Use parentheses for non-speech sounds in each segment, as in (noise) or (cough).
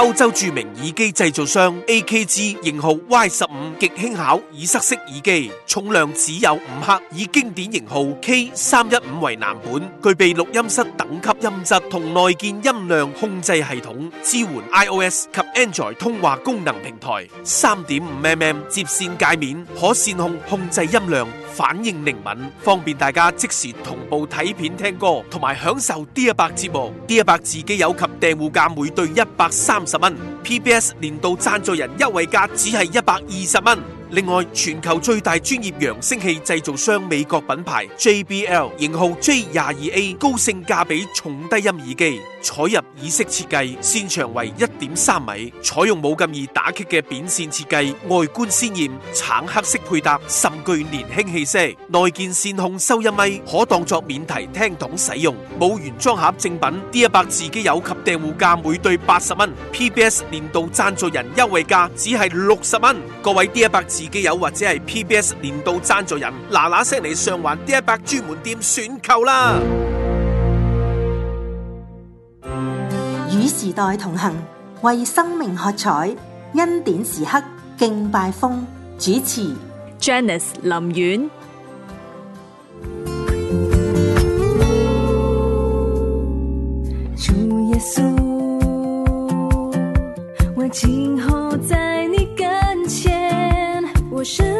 歐洲著名耳機製造商 AKG 型號 Y 十五極輕巧耳塞式耳機，重量只有五克，以經典型號 K 三一五為藍本，具備錄音室等級音質同內建音量控制系統，支援 iOS 及 Android 通話功能平台，三點五 mm 接線界面可線控控制音量。反應靈敏，方便大家即時同步睇片、聽歌，同埋享受 D100 節目。D100 自己有及訂戶價每對一百三十蚊，PBS 年度贊助人優惠價只係一百二十蚊。另外，全球最大專業揚聲器製造商美國品牌 JBL 型號 J 廿二 A 高性價比重低音耳機，採入耳式設計，線長為一點三米，採用冇咁易打結嘅扁線設計，外觀鮮艷，橙黑色配搭甚具年輕氣息。內建線控收音咪，可當作免提聽筒使用。冇原裝盒正品 D 一百自己有及訂戶價每對八十蚊，PBS 年度贊助人優惠價只係六十蚊。各位 D 一百。自己有或者係 PBS 年度贊助人，嗱嗱聲嚟上環 D 一百專門店選購啦！與時代同行，為生命喝彩，恩典時刻敬拜風主持 Janice 林苑。我是。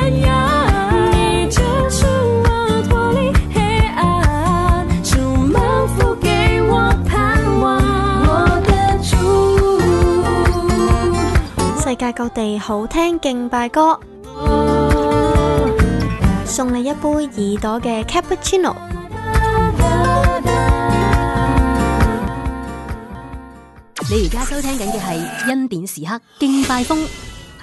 世界各地好聽敬拜歌，送你一杯耳朵嘅 cappuccino。你而家收聽緊嘅係恩典時刻敬拜風。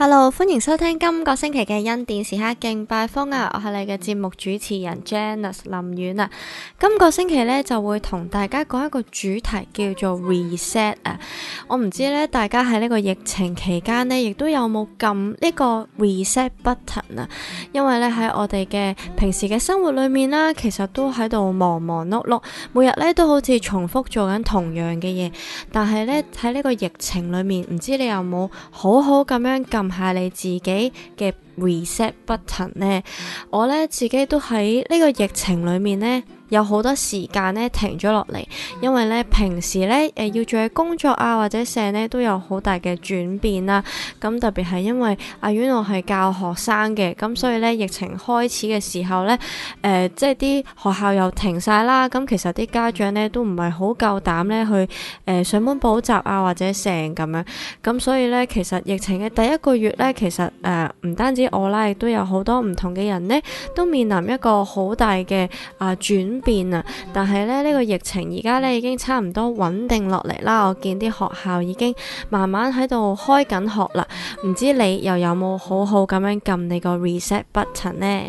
hello，歡迎收聽今個星期嘅恩典時刻敬拜風啊，我係你嘅節目主持人 Janice 林苑啊。今個星期呢，就會同大家講一個主題叫做 reset 啊。我唔知呢，大家喺呢個疫情期間呢，亦都有冇撳呢個 reset button 啊？因為呢，喺我哋嘅平時嘅生活裏面啦，其實都喺度忙忙碌碌，每日呢都好似重複做緊同樣嘅嘢。但係呢，喺呢個疫情裏面，唔知你有冇好好咁樣撳下你自己嘅。 (noise) Reset button 呢，我呢自己都喺呢個疫情裏面呢，有好多時間呢停咗落嚟，因為呢平時呢誒、呃、要做嘅工作啊或者成呢都有好大嘅轉變啦。咁、嗯、特別係因為阿婉樂係教學生嘅，咁、嗯、所以呢疫情開始嘅時候呢，誒、呃、即係啲學校又停晒啦。咁、嗯、其實啲家長呢都唔係好夠膽呢去誒、呃、上門補習啊或者成咁樣，咁、嗯、所以呢其實疫情嘅第一個月呢其實誒唔、呃、單止我啦，亦都有好多唔同嘅人呢，都面臨一個好大嘅啊轉變啊！但係咧，呢個疫情而家呢已經差唔多穩定落嚟啦。我見啲學校已經慢慢喺度開緊學啦。唔知你又有冇好好咁樣撳你個 reset button 呢？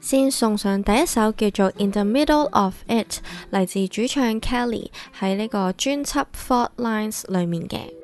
先送上第一首叫做《In the Middle of It》，嚟自主唱 Kelly 喺呢個專輯《Fault Lines》裏面嘅。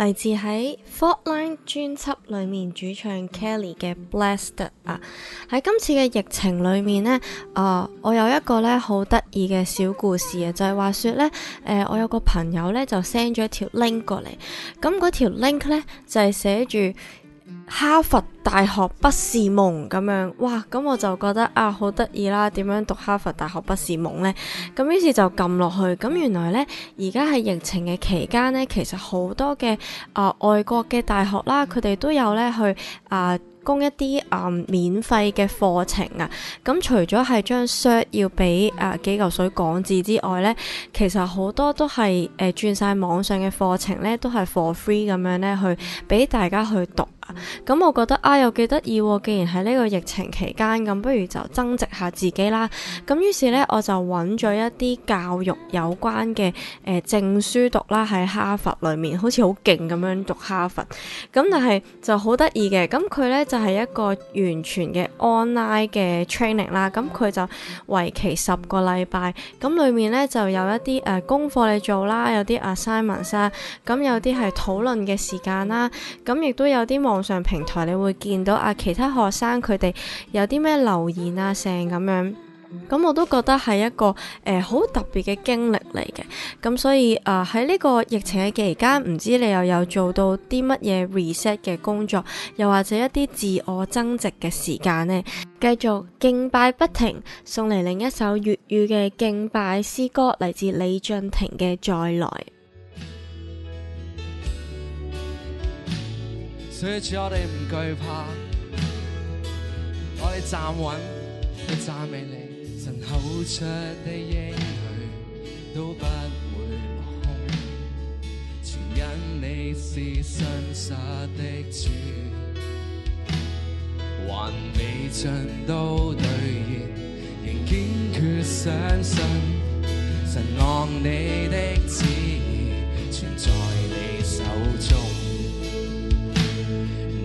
嚟自喺 Fortline 專輯裏面主唱 Kelly 嘅 Blast 啊！喺今次嘅疫情裏面呢，啊，我有一個呢好得意嘅小故事啊，就係、是、話說呢，誒、呃，我有個朋友呢就 send 咗一條 link 過嚟，咁嗰條 link 呢，就係寫住。哈佛大學不是夢咁樣，哇，咁我就覺得啊好得意啦。點樣讀哈佛大學不是夢呢？咁於是就撳落去咁，原來呢，而家係疫情嘅期間呢，其實好多嘅啊、呃、外國嘅大學啦，佢哋都有呢去啊、呃、供一啲啊、呃、免費嘅課程啊。咁除咗係張 short 要俾啊、呃、幾嚿水講字之外呢，其實好多都係誒轉晒網上嘅課程呢，都係 for free 咁樣呢去俾大家去讀。咁我覺得啊又幾得意喎，既然喺呢個疫情期間，咁不如就增值下自己啦。咁於是呢，我就揾咗一啲教育有關嘅誒、呃、證書讀啦，喺哈佛裏面好似好勁咁樣讀哈佛。咁但係就好得意嘅，咁佢呢，就係、是、一個完全嘅 online 嘅 training 啦。咁佢就為期十個禮拜，咁裏面呢，就有一啲誒、呃、功課你做啦，有啲 assignments 啦，咁有啲係討論嘅時間啦，咁亦都有啲忙。網上平台你會見到啊，其他學生佢哋有啲咩留言啊，成咁樣，咁我都覺得係一個誒好、呃、特別嘅經歷嚟嘅。咁所以啊，喺、呃、呢個疫情嘅期間，唔知你又有做到啲乜嘢 reset 嘅工作，又或者一啲自我增值嘅時間呢？繼續敬拜不停，送嚟另一首粵語嘅敬拜詩歌，嚟自李俊廷嘅《再來》。對住我哋唔懼怕，我哋站穩，我站起嚟。 (music) 神口出的應許都不會落空，全因你是信實的主，還未盡都兌現，仍堅決相信。神望你的旨意全在你手中。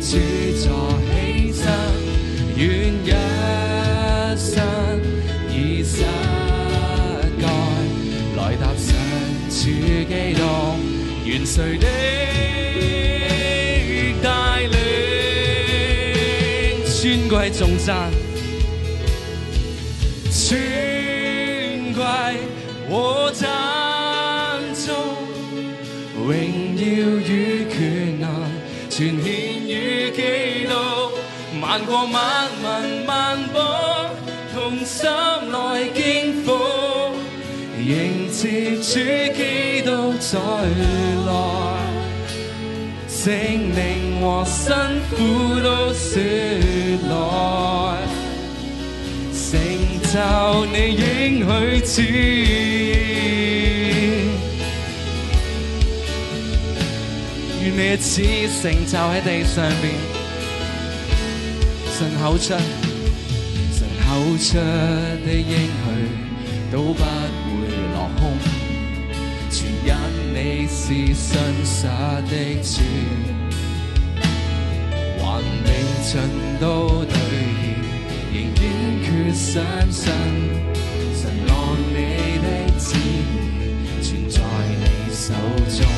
主座犧牲，願一生以身代，來踏上主基路。願誰的帶領，尊貴重讚，尊貴和讚頌，榮耀與權、啊。能。全獻與基督，萬國萬民萬邦同心來敬奉，迎接主基督再來，性命和辛苦都説來，成就你應許。你一次成就喺地上邊，神口出，神口出的應許都不會落空，全因你是信撒的主，還未盡都兌現，仍堅決相信，神按你的旨意存在你手中。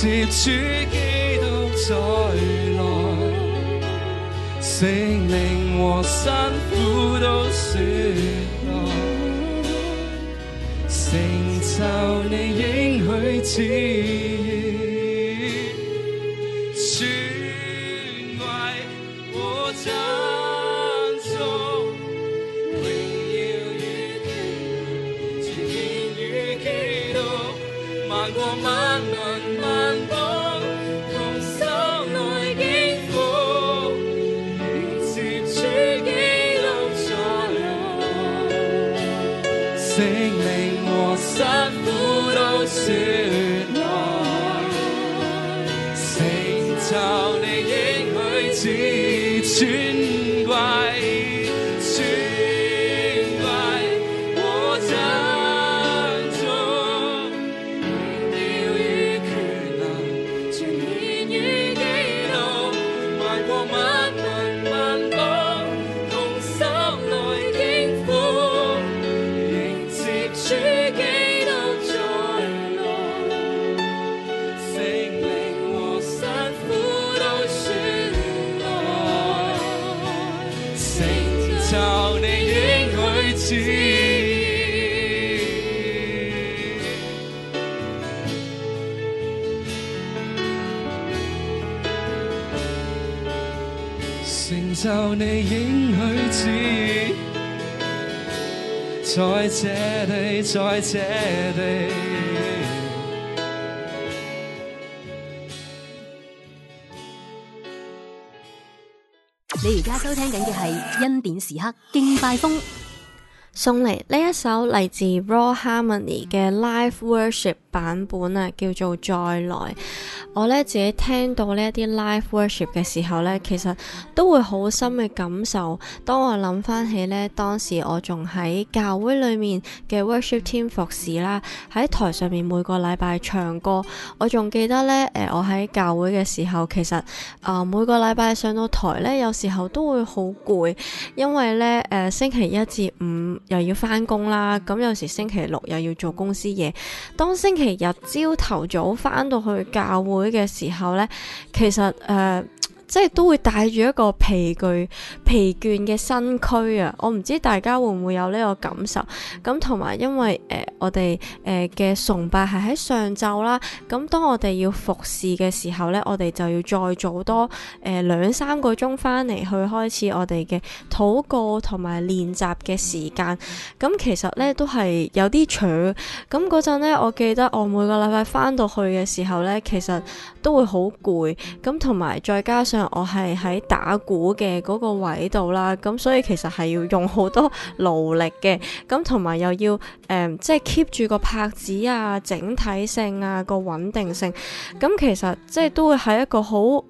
接觸基督再來，性命和辛苦都說來，成就你應許之就你應許之，在這地，在這地，你而家收聽緊嘅係恩典時刻敬拜風送嚟呢一首嚟自 Raw Harmony 嘅 Live Worship 版本啊，叫做再來。我咧自己聽到呢一啲 live worship 嘅時候咧，其實都會好深嘅感受。當我諗翻起咧，當時我仲喺教會裏面嘅 worship team 服侍啦，喺台上面每個禮拜唱歌。我仲記得咧，誒、呃、我喺教會嘅時候，其實啊、呃、每個禮拜上到台咧，有時候都會好攰，因為咧誒、呃、星期一至五又要翻工啦，咁有時星期六又要做公司嘢。當星期日朝頭早翻到去教會嘅時候咧，其實誒、呃即係都會帶住一個疲倦、疲倦嘅身軀啊！我唔知大家會唔會有呢個感受，咁同埋因為誒、呃、我哋誒嘅崇拜係喺上晝啦，咁當我哋要服侍嘅時候呢，我哋就要再早多誒兩、呃、三個鐘翻嚟去開始我哋嘅禱告同埋練習嘅時間。咁其實呢，都係有啲長。咁嗰陣咧，我記得我每個禮拜翻到去嘅時候呢，其實，都會好攰，咁同埋再加上我係喺打鼓嘅嗰個位度啦，咁所以其實係要用好多勞力嘅，咁同埋又要誒、嗯、即係 keep 住個拍子啊、整體性啊、個穩定性，咁其實即係都會係一個好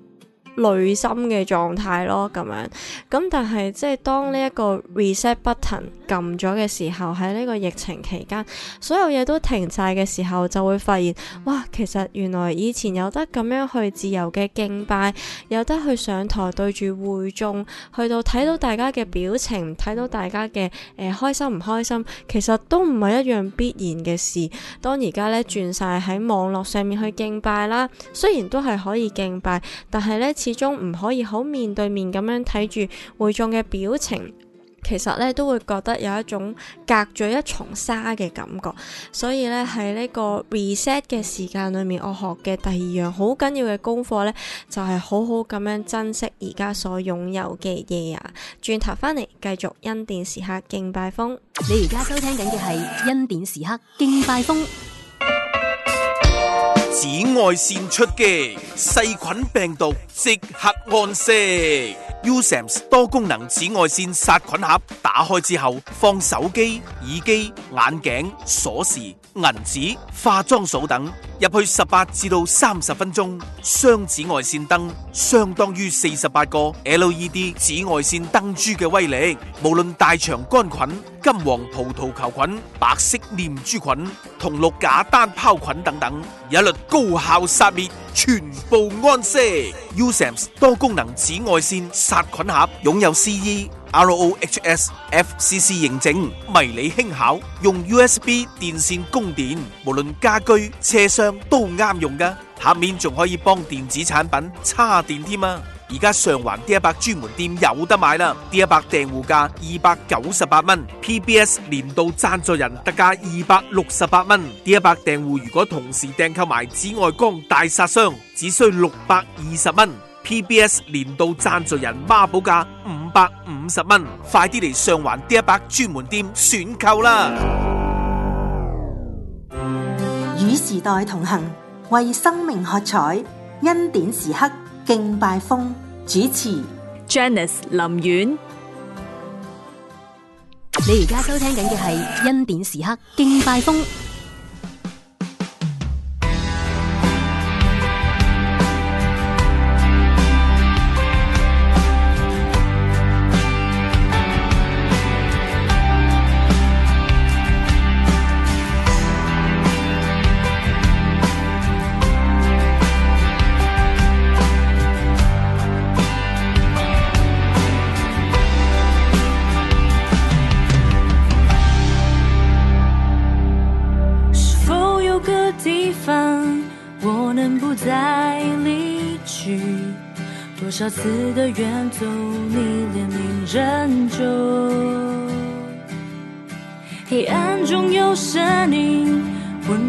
累心嘅狀態咯，咁樣，咁，但係即係當呢一個 reset button 撳咗嘅時候，喺呢個疫情期間所有嘢都停曬嘅時候，就會發現，哇，其實原來以前有得咁樣去自由嘅敬拜，有得去上台對住會眾去到睇到大家嘅表情，睇到大家嘅誒、呃、開心唔開心，其實都唔係一樣必然嘅事。當而家咧轉曬喺網絡上面去敬拜啦，雖然都係可以敬拜，但係咧。始終唔可以好面對面咁樣睇住會眾嘅表情，其實咧都會覺得有一種隔咗一重沙嘅感覺。所以咧喺呢個 reset 嘅時間裏面，我學嘅第二樣好緊要嘅功課咧，就係好好咁樣珍惜而家所擁有嘅嘢啊！轉頭翻嚟繼續恩典時刻敬拜風，你而家收聽緊嘅係恩典時刻敬拜風。紫外線出擊，細菌病毒即刻安息。Usams 多功能紫外線殺菌盒，打開之後放手機、耳機、眼鏡、鎖匙。銀紙、化妝水等入去十八至到三十分鐘，雙紫外線燈相當於四十八個 LED 紫外線燈珠嘅威力，無論大腸杆菌、金黃葡萄球菌、白色念珠菌同綠假單胞菌等等，一律高效殺滅，全部安息。USAMS 多功能紫外線殺菌盒擁有 CE。RoHS FCC 認證，迷你輕巧，用 USB 電線供電，無論家居、車廂都啱用噶。下面仲可以幫電子產品叉電添啊！而家上環 D 一百專門店有得買啦，D 一百訂戶價二百九十八蚊，PBS 年度贊助人特價二百六十八蚊，D 一百訂戶如果同時訂購埋紫外光大殺傷，只需六百二十蚊。P B S 年度贊助人孖寶價五百五十蚊，快啲嚟上環 D 一百專門店選購啦！與時代同行，為生命喝彩，恩典時刻敬拜風主持 Janice 林苑。你而家收聽緊嘅係恩典時刻敬拜風。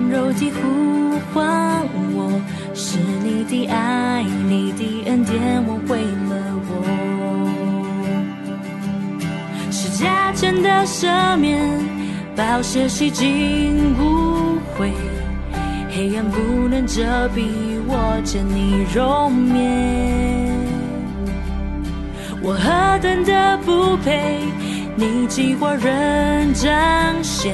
柔肌呼喚我，是你的愛，你的恩典挽回了我。是加增的赦免，寶血洗淨污穢，黑暗不能遮蔽我見你容顏，我何等的不配，你計劃人彰顯。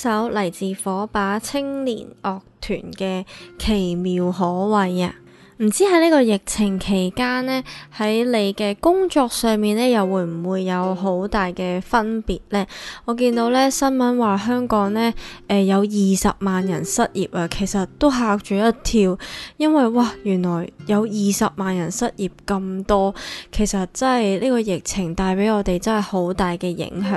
一首嚟自火把青年樂團嘅奇妙可畏啊！唔知喺呢個疫情期間呢，喺你嘅工作上面呢，又會唔會有好大嘅分別呢？我見到呢新聞話香港呢，誒、呃、有二十萬人失業啊，其實都嚇住一跳，因為哇，原來有二十萬人失業咁多，其實真係呢個疫情帶俾我哋真係好大嘅影響。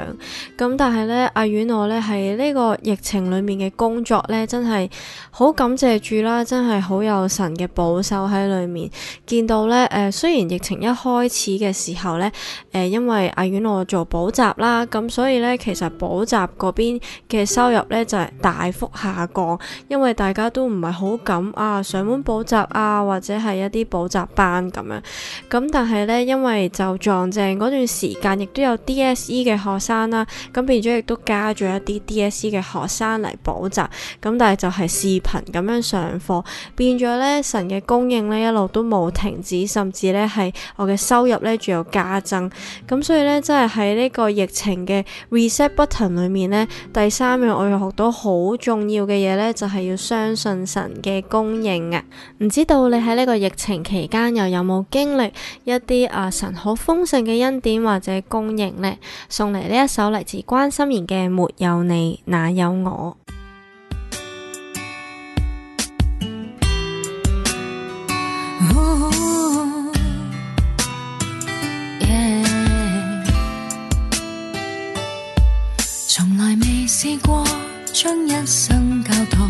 咁、嗯、但係呢，阿遠我呢，喺呢個疫情裡面嘅工作呢，真係好感謝住啦，真係好有神嘅保守。喺裏面見到咧，誒，雖然疫情一開始嘅時候咧，誒，呃，因為阿婉我做補習啦，咁所以咧，其實補習嗰邊嘅收入咧就係大幅下降，因為大家都唔係好敢啊上門補習啊，或者係一啲補習班咁樣。咁但係咧，因為就撞正嗰段時間，亦都有 DSE 嘅學生啦，咁變咗亦都加咗一啲 DSE 嘅學生嚟補習，咁但係就係視頻咁樣上課，變咗咧神嘅供應一路都冇停止，甚至咧，係我嘅收入咧仲有加增，咁所以咧真係喺呢個疫情嘅 reset button 裏面咧，第三樣我要學到好重要嘅嘢咧，就係、是、要相信神嘅供應啊！唔知道你喺呢個疫情期間又有冇經歷一啲啊神好豐盛嘅恩典或者供應呢？送嚟呢一首嚟自關心妍嘅《沒有你哪有我》。試過將一生交託，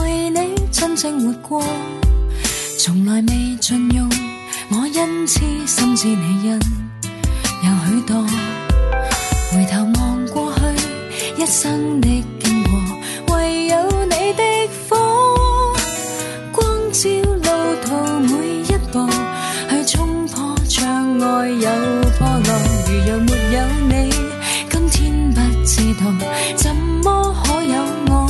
為你真正活過，從來未盡用我恩賜，心知你恩有許多。回頭望過去一生的經過，唯有你的火光照路途每一步，去衝破障礙有。是徒，怎麼可有我？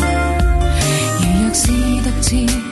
如若是獨自。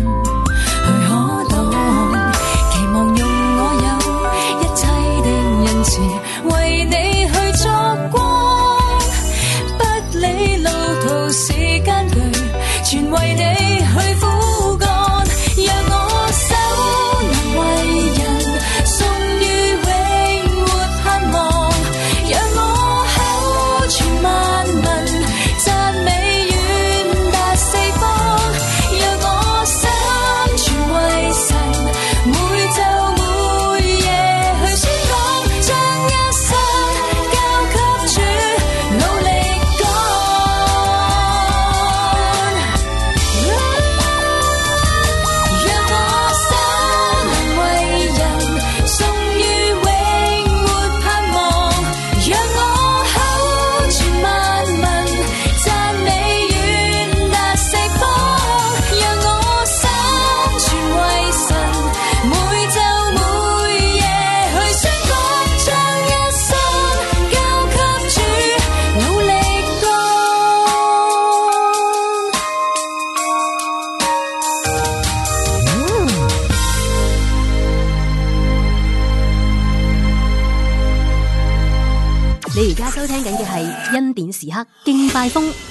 時刻敬拜風。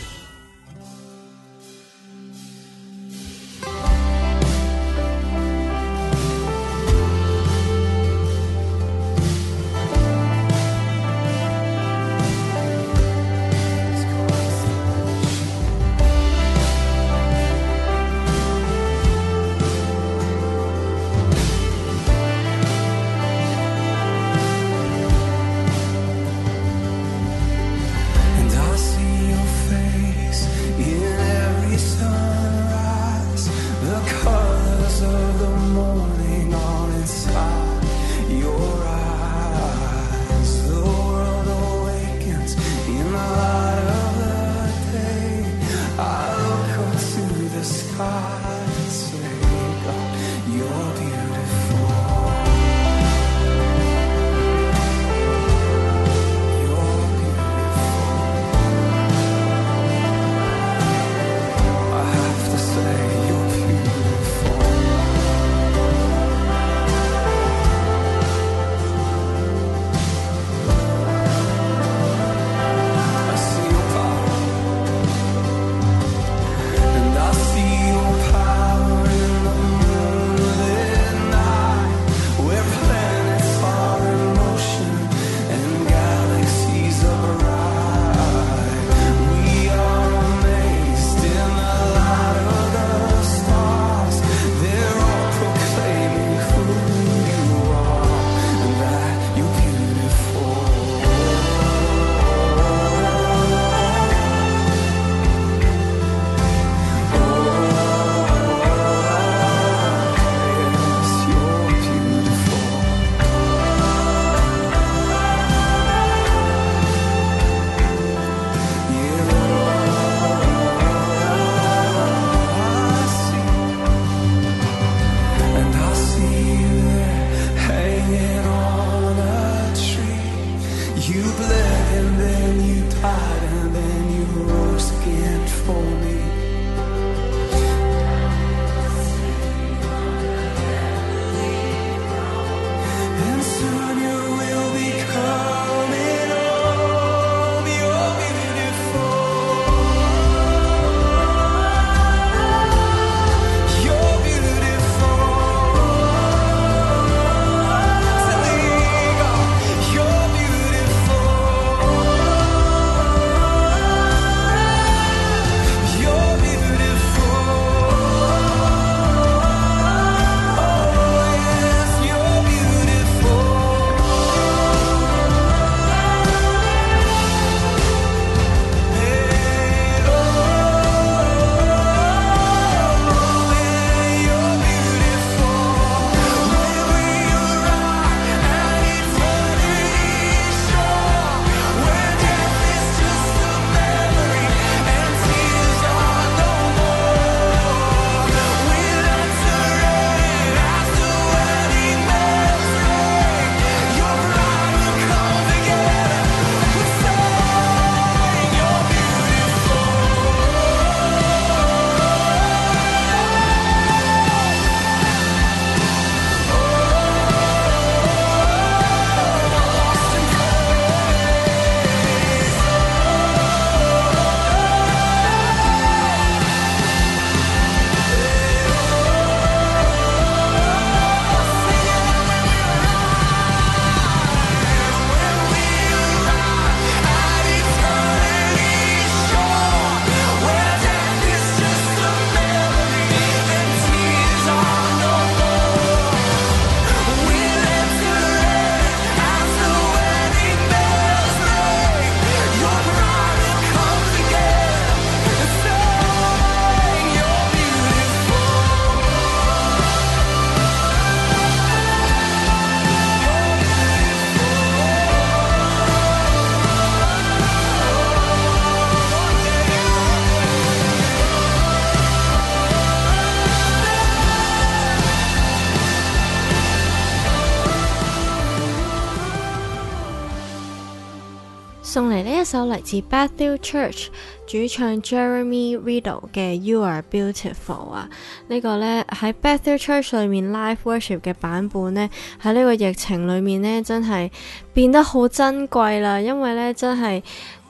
首嚟自 Bethel Church 主唱 Jeremy Riddle 嘅《You Are Beautiful》啊，這個、呢個咧喺 Bethel Church 上面 Live Worship 嘅版本咧，喺呢個疫情裏面咧真係變得好珍貴啦。因為咧真係誒、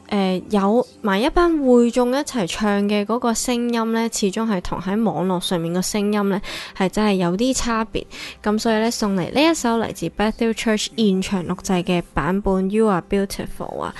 呃、有埋一班會眾一齊唱嘅嗰個聲音咧，始終係同喺網絡上面嘅聲音咧係真係有啲差別。咁所以咧送嚟呢一首嚟自 Bethel Church 現場錄製嘅版本《mm hmm. You Are Beautiful》啊。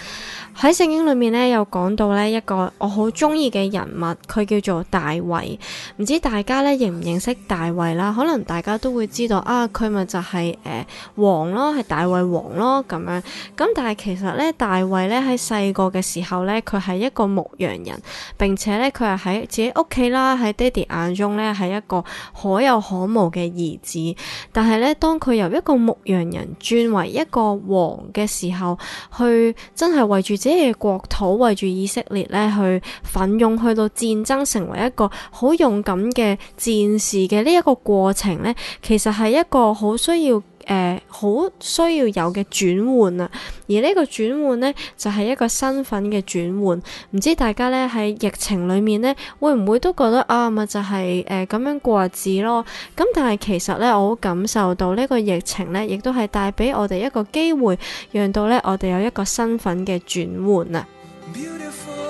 喺聖經裏面咧，有講到咧一個我好中意嘅人物，佢叫做大衛，唔知大家咧認唔認識大衛啦？可能大家都會知道啊，佢咪就係、是、誒、呃、王咯，係大衛王咯咁樣，咁但係其實咧，大衛咧喺細個嘅時候咧，佢係一個牧羊人，並且咧佢係喺自己屋企啦，喺爹哋眼中咧係一個可有可無嘅兒子。但係咧，當佢由一個牧羊人轉為一個王嘅時候，去真係為住自啲嘅國土圍住以色列咧，去奮勇，去到戰爭，成為一個好勇敢嘅戰士嘅呢一個過程咧，其實係一個好需要。誒、好、呃、需要有嘅轉換啊！而呢個轉換呢，就係、是、一個身份嘅轉換。唔知大家呢喺疫情裏面呢，會唔會都覺得啊，咪就係誒咁樣過日子咯？咁但係其實呢，我好感受到呢個疫情呢，亦都係帶俾我哋一個機會，讓到呢我哋有一個身份嘅轉換啊！Beautiful.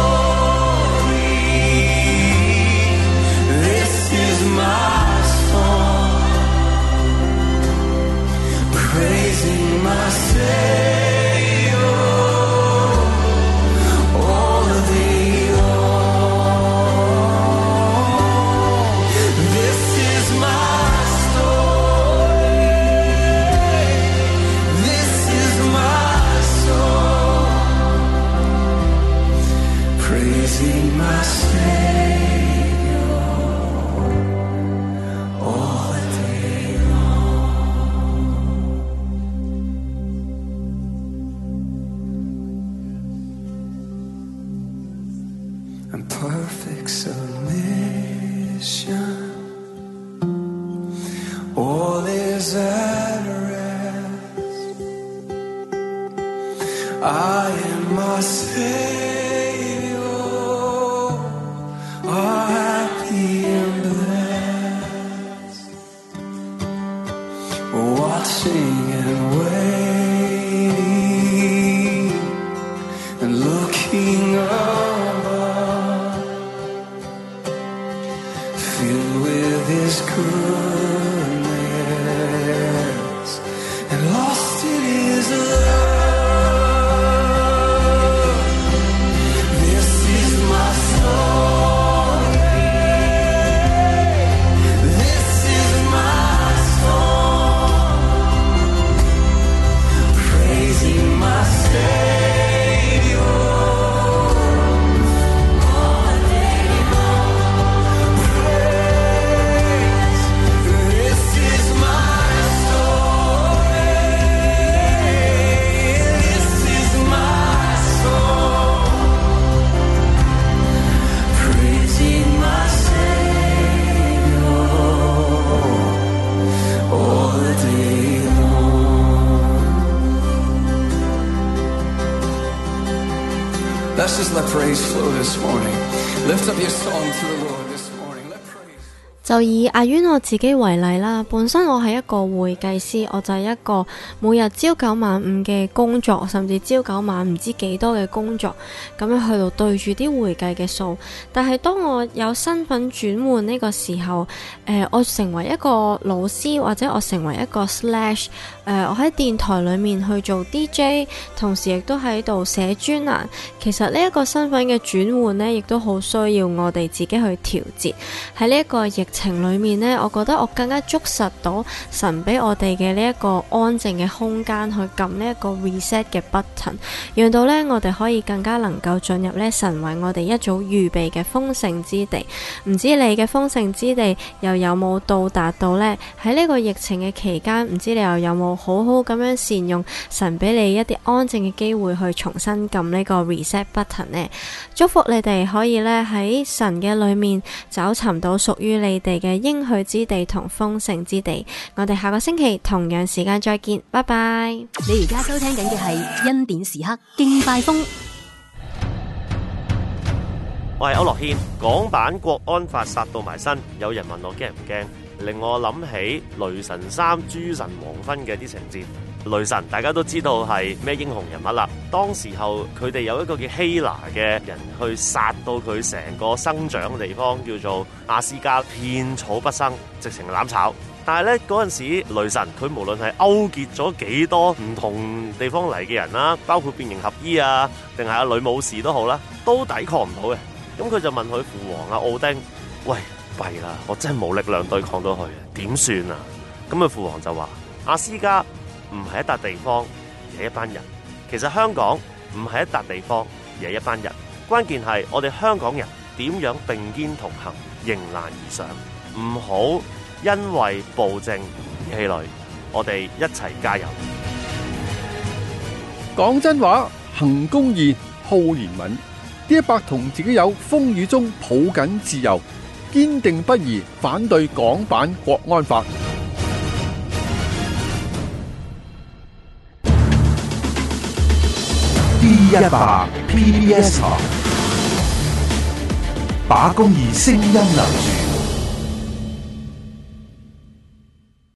阿以、啊、我自己為例啦，本身我係一個會計師，我就係一個每日朝九晚五嘅工作，甚至朝九晚唔知幾多嘅工作，咁樣去到對住啲會計嘅數，但係當我有身份轉換呢個時候，誒、呃、我成為一個老師或者我成為一個 slash，誒、呃，我喺電台裏面去做 DJ，同時亦都喺度寫專欄，其實呢一個身份嘅轉換咧，亦都好需要我哋自己去調節，喺呢一個疫情裏面。面呢，我覺得我更加捉實到神俾我哋嘅呢一個安靜嘅空間去撳呢一個 reset 嘅 button，讓到呢我哋可以更加能夠進入呢神為我哋一早預備嘅豐盛之地。唔知你嘅豐盛之地又有冇到達到呢？喺呢個疫情嘅期間，唔知你又有冇好好咁樣善用神俾你一啲安靜嘅機會去重新撳呢個 reset button 呢？祝福你哋可以呢喺神嘅裏面找尋到屬於你哋嘅興許之地同豐盛之地，我哋下個星期同樣時間再見，拜拜！你而家收聽緊嘅係《恩典時刻》敬拜風，我係歐樂軒。港版國安法殺到埋身，有人問我驚唔驚？令我諗起《雷神三：諸神黃昏》嘅啲情節。雷神大家都知道係咩英雄人物啦。當時候佢哋有一個叫希娜嘅人去殺到佢成個生長嘅地方叫做阿斯加，片草不生，直情攬炒。但係咧嗰陣時，雷神佢無論係勾結咗幾多唔同地方嚟嘅人啦，包括變形合衣啊，定係阿女武士都好啦，都抵抗唔到嘅。咁佢就問佢父王啊，奧丁，喂，弊啦，我真係冇力量對抗到佢啊，點算啊？咁佢父王就話：阿斯加。唔係一笪地方，而係一班人。其實香港唔係一笪地方，而係一班人。關鍵係我哋香港人點樣並肩同行，迎難而上。唔好因為暴政而氣餒。我哋一齊加油。講真話，行公義，好憐憫。呢一百同自己有風雨中抱緊自由，堅定不移，反對港版國安法。一百 PBS 把工餘聲音留住。